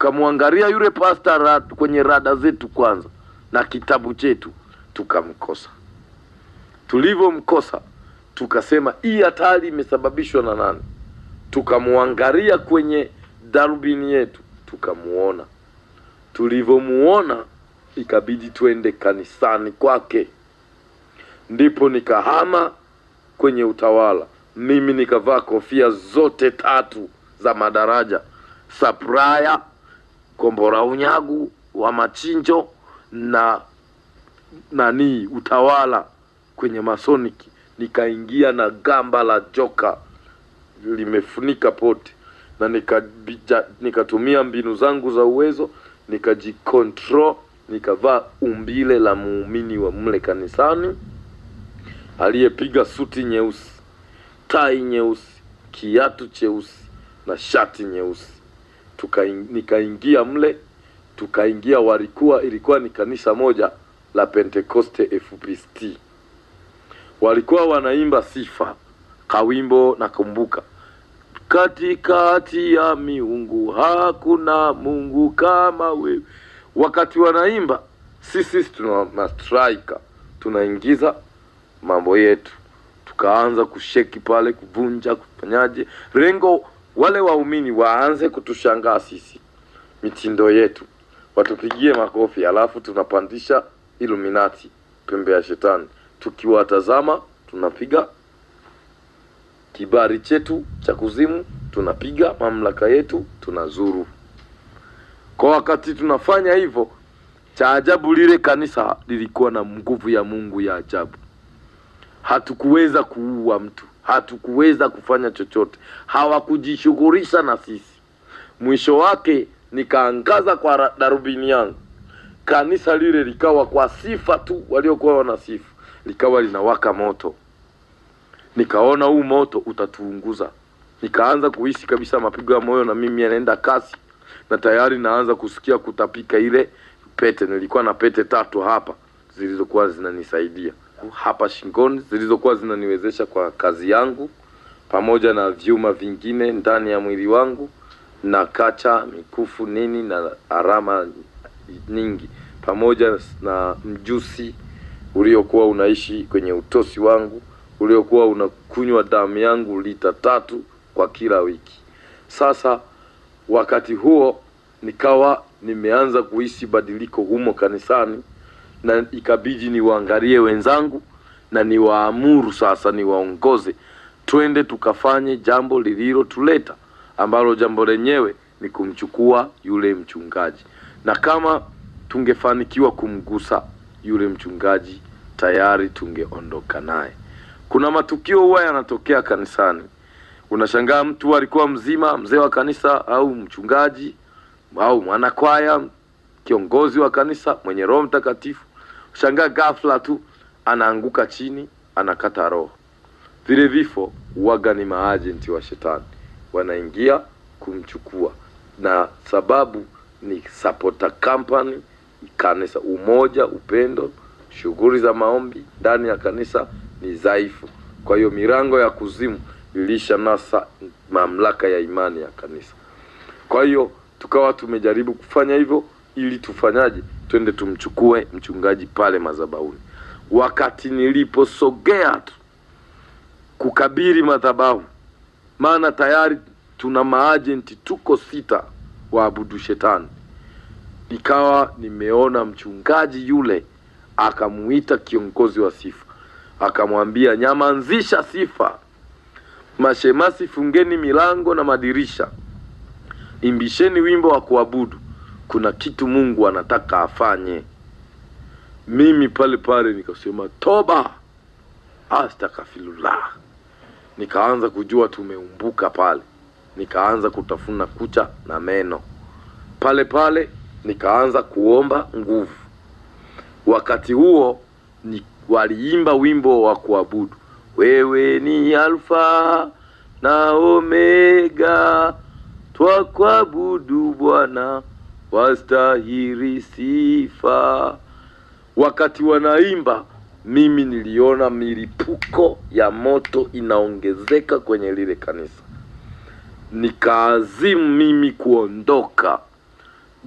tukamwangalia yule pasta ra, kwenye rada zetu kwanza na kitabu chetu, tukamkosa. Tulivyomkosa tukasema hii hatari imesababishwa na nani? Tukamwangalia kwenye darubini yetu tukamuona. Tulivyomuona ikabidi twende kanisani kwake, ndipo nikahama kwenye utawala. Mimi nikavaa kofia zote tatu za madaraja, supplier kombora unyagu wa machinjo na nanii utawala kwenye masoniki, nikaingia na gamba la joka limefunika pote, na nikatumia nikatumia mbinu zangu za uwezo, nikajikontrol, nikavaa umbile la muumini wa mle kanisani aliyepiga suti nyeusi, tai nyeusi, kiatu cheusi na shati nyeusi tuka, nikaingia mle tukaingia walikuwa, ilikuwa ni kanisa moja la Pentekoste fpst walikuwa wanaimba sifa kawimbo na kumbuka, katikati ya miungu hakuna Mungu kama wewe. Wakati wanaimba sisi tuna mastraika tunaingiza mambo yetu, tukaanza kusheki pale, kuvunja, kufanyaje rengo wale waumini waanze kutushangaa sisi, mitindo yetu, watupigie makofi, alafu tunapandisha Iluminati, pembe ya shetani. Tukiwatazama tunapiga kibari chetu cha kuzimu, tunapiga mamlaka yetu, tunazuru. Kwa wakati tunafanya hivyo, cha ajabu, lile kanisa lilikuwa na nguvu ya Mungu ya ajabu, hatukuweza kuua mtu hatukuweza kufanya chochote, hawakujishughulisha na sisi. Mwisho wake nikaangaza kwa darubini yangu, kanisa lile likawa kwa sifa tu waliokuwa wanasifu, likawa linawaka moto. Nikaona huu moto utatuunguza. Nikaanza kuhisi kabisa mapigo ya moyo na mimi yanaenda kasi, na tayari naanza kusikia kutapika. Ile pete nilikuwa na pete tatu hapa zilizokuwa zinanisaidia hapa shingoni zilizokuwa zinaniwezesha kwa kazi yangu pamoja na vyuma vingine ndani ya mwili wangu na kacha, mikufu, nini na arama nyingi, pamoja na mjusi uliokuwa unaishi kwenye utosi wangu uliokuwa unakunywa damu yangu lita tatu kwa kila wiki. Sasa wakati huo nikawa nimeanza kuhisi badiliko humo kanisani na ikabidi niwaangalie wenzangu na niwaamuru sasa, niwaongoze twende tukafanye jambo lililotuleta, ambalo jambo lenyewe ni kumchukua yule mchungaji, na kama tungefanikiwa kumgusa yule mchungaji tayari tungeondoka naye. Kuna matukio huwa yanatokea kanisani, unashangaa mtu alikuwa mzima, mzee wa kanisa au mchungaji au mwanakwaya, kiongozi wa kanisa, mwenye Roho Mtakatifu Shangaa ghafla tu anaanguka chini, anakata roho. Vile vifo waga ni maajenti wa shetani, wanaingia kumchukua, na sababu ni supporter company, kanisa, umoja, upendo, shughuli za maombi ndani ya kanisa ni dhaifu. Kwa hiyo milango ya kuzimu ilishanasa mamlaka ya imani ya kanisa. Kwa hiyo tukawa tumejaribu kufanya hivyo ili tufanyaje? twende tumchukue mchungaji pale madhabahuni. Wakati niliposogea tu kukabiri madhabahu, maana tayari tuna maajenti tuko sita waabudu shetani, nikawa nimeona mchungaji yule akamuita kiongozi wa sifa, akamwambia nyamanzisha sifa, mashemasi fungeni milango na madirisha, imbisheni wimbo wa kuabudu kuna kitu Mungu anataka afanye. Mimi pale pale nikasema toba, astakafilullah. Nikaanza kujua tumeumbuka pale, nikaanza kutafuna kucha na meno pale pale, nikaanza kuomba nguvu. Wakati huo ni waliimba wimbo wa kuabudu, wewe ni Alfa na Omega, twakuabudu Bwana wastahiri sifa. Wakati wanaimba, mimi niliona milipuko ya moto inaongezeka kwenye lile kanisa, nikaazimu mimi kuondoka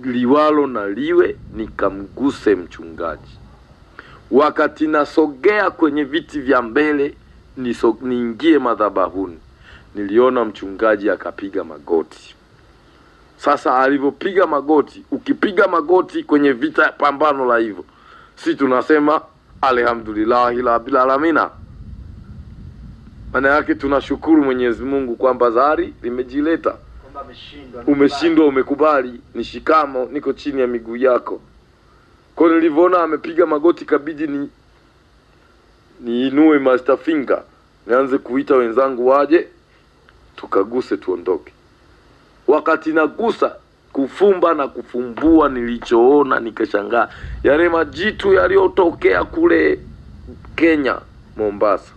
liwalo na liwe, nikamguse mchungaji. Wakati nasogea kwenye viti vya mbele niingie madhabahuni, niliona mchungaji akapiga magoti. Sasa alivyopiga magoti, ukipiga magoti kwenye vita pambano la hivyo, si tunasema alhamdulillahi rabbil alamina. Maana yake tunashukuru Mwenyezi Mungu kwamba zari limejileta, umeshindwa, umekubali, nishikamo, niko chini ya miguu yako. Kwa nilivyoona amepiga magoti, kabidi ni niinue master finger, nianze kuita wenzangu waje tukaguse, tuondoke wakati nagusa kufumba na kufumbua, nilichoona nikashangaa, yale majitu yaliyotokea kule Kenya Mombasa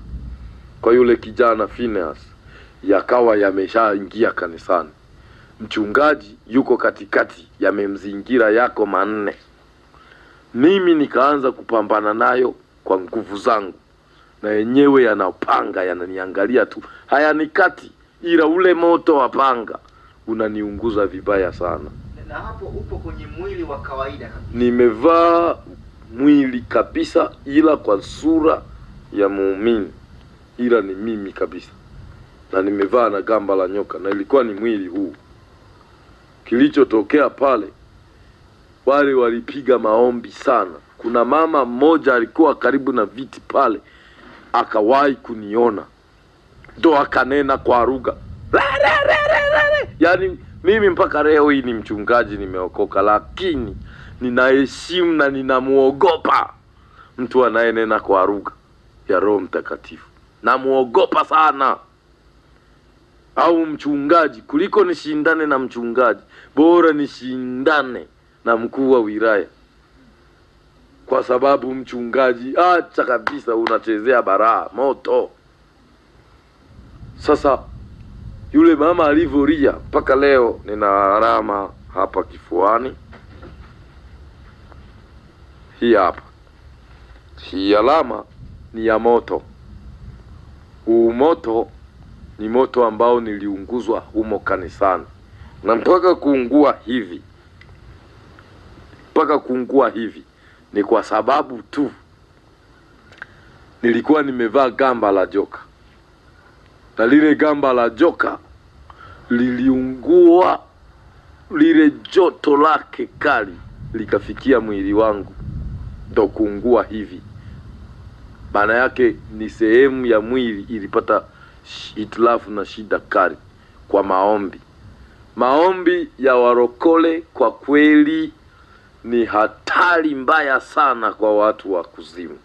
kwa yule kijana Phineas yakawa yameshaingia kanisani. Mchungaji yuko katikati, yamemzingira yako manne. Mimi nikaanza kupambana nayo kwa nguvu zangu, na yenyewe yanapanga yananiangalia tu, hayanikati, ila ule moto wa panga unaniunguza vibaya sana. Na hapo upo kwenye mwili wa kawaida kabisa. Nimevaa mwili kabisa, ila kwa sura ya muumini, ila ni mimi kabisa, na nimevaa na gamba la nyoka, na ilikuwa ni mwili huu. Kilichotokea pale, wale walipiga maombi sana. Kuna mama mmoja alikuwa karibu na viti pale, akawahi kuniona, ndo akanena kwa lugha yani mimi mpaka leo hii ni mchungaji, nimeokoka, lakini ninaheshimu na ninamwogopa mtu anayenena kwa lugha ya Roho Mtakatifu, namwogopa sana. Au mchungaji, kuliko nishindane na mchungaji, bora nishindane na mkuu wa wilaya, kwa sababu mchungaji, acha kabisa, unachezea baraa moto. Sasa yule mama alivyolia mpaka leo nina alama hapa kifuani, hii hapa. Hii alama ni ya moto. Huu moto ni moto ambao niliunguzwa humo kanisani, na mpaka kuungua hivi, mpaka kuungua hivi ni kwa sababu tu nilikuwa nimevaa gamba la joka, na lile gamba la joka liliungua, lile joto lake kali likafikia mwili wangu, ndo kuungua hivi. Maana yake ni sehemu ya mwili ilipata hitilafu na shida kali kwa maombi. Maombi ya warokole kwa kweli ni hatari mbaya sana kwa watu wa kuzimu.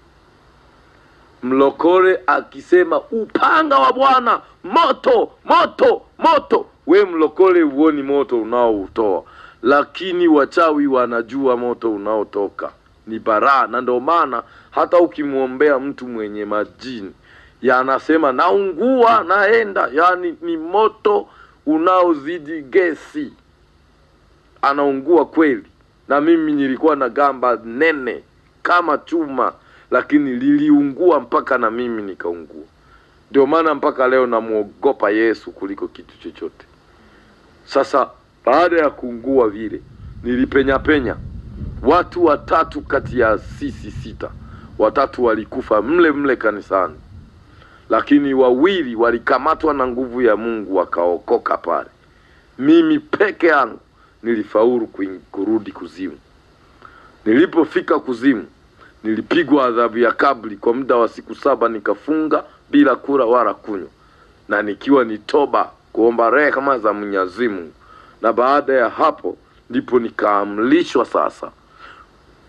Mlokole akisema upanga wa Bwana moto moto moto. We mlokole huoni moto unaoutoa, lakini wachawi wanajua moto unaotoka ni baraa, na ndio maana hata ukimwombea mtu mwenye majini yanasema naungua, naenda, yani ni moto unaozidi gesi, anaungua kweli. Na mimi nilikuwa na gamba nene kama chuma, lakini liliungua mpaka na mimi nikaungua. Ndio maana mpaka leo namwogopa Yesu kuliko kitu chochote. Sasa baada ya kuungua vile, nilipenya penya, watu watatu kati ya sisi sita, watatu walikufa mle mle kanisani, lakini wawili walikamatwa na nguvu ya Mungu wakaokoka pale. Mimi peke yangu nilifaulu kurudi kuzimu. Nilipofika kuzimu, nilipigwa adhabu ya kabli kwa muda wa siku saba, nikafunga bila kula wala kunywa, na nikiwa ni toba kuomba rehema za Mwenyezi Mungu. Na baada ya hapo ndipo nikaamrishwa sasa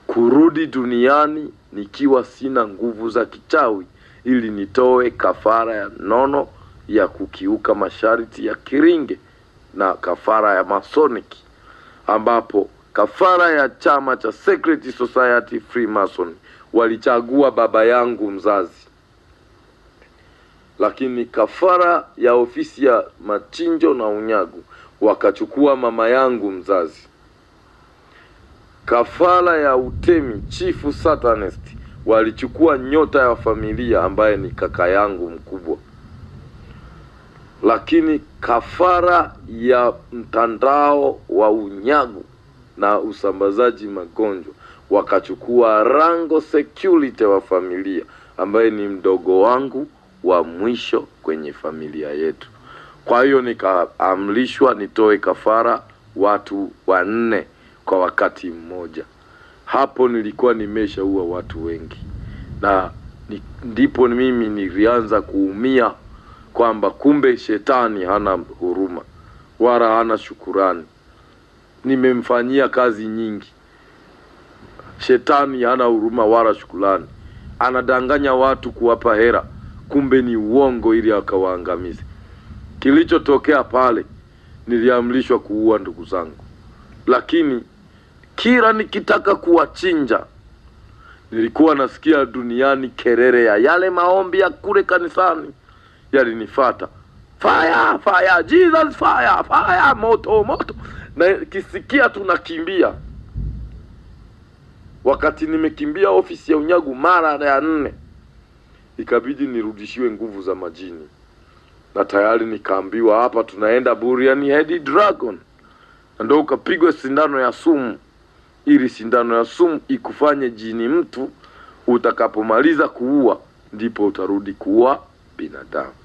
kurudi duniani nikiwa sina nguvu za kichawi, ili nitoe kafara ya nono ya kukiuka masharti ya kiringe na kafara ya masoniki, ambapo kafara ya chama cha Secret Society Freemason walichagua baba yangu mzazi lakini kafara ya ofisi ya machinjo na unyago wakachukua mama yangu mzazi. Kafara ya utemi chifu satanist walichukua nyota ya familia ambaye ni kaka yangu mkubwa, lakini kafara ya mtandao wa unyago na usambazaji magonjwa wakachukua rango security wa familia ambaye ni mdogo wangu wa mwisho kwenye familia yetu. Kwa hiyo nikaamrishwa nitoe kafara watu wanne kwa wakati mmoja. Hapo nilikuwa nimeshaua watu wengi, na ndipo mimi nilianza kuumia kwamba kumbe shetani hana huruma wala hana shukurani. Nimemfanyia kazi nyingi. Shetani hana huruma wala shukurani, anadanganya watu kuwapa hera kumbe ni uongo ili akawaangamize. Kilichotokea pale, niliamrishwa kuua ndugu zangu, lakini kila nikitaka kuwachinja nilikuwa nasikia duniani kelele ya yale maombi ya kule kanisani yalinifata, fire fire, Jesus fire fire, moto moto, na kisikia tunakimbia. Wakati nimekimbia ofisi ya unyagu mara ya nne ikabidi nirudishiwe nguvu za majini, na tayari nikaambiwa hapa tunaenda Burian Head Dragon, na ndo ukapigwa sindano ya sumu, ili sindano ya sumu ikufanye jini mtu. Utakapomaliza kuua, ndipo utarudi kuwa binadamu.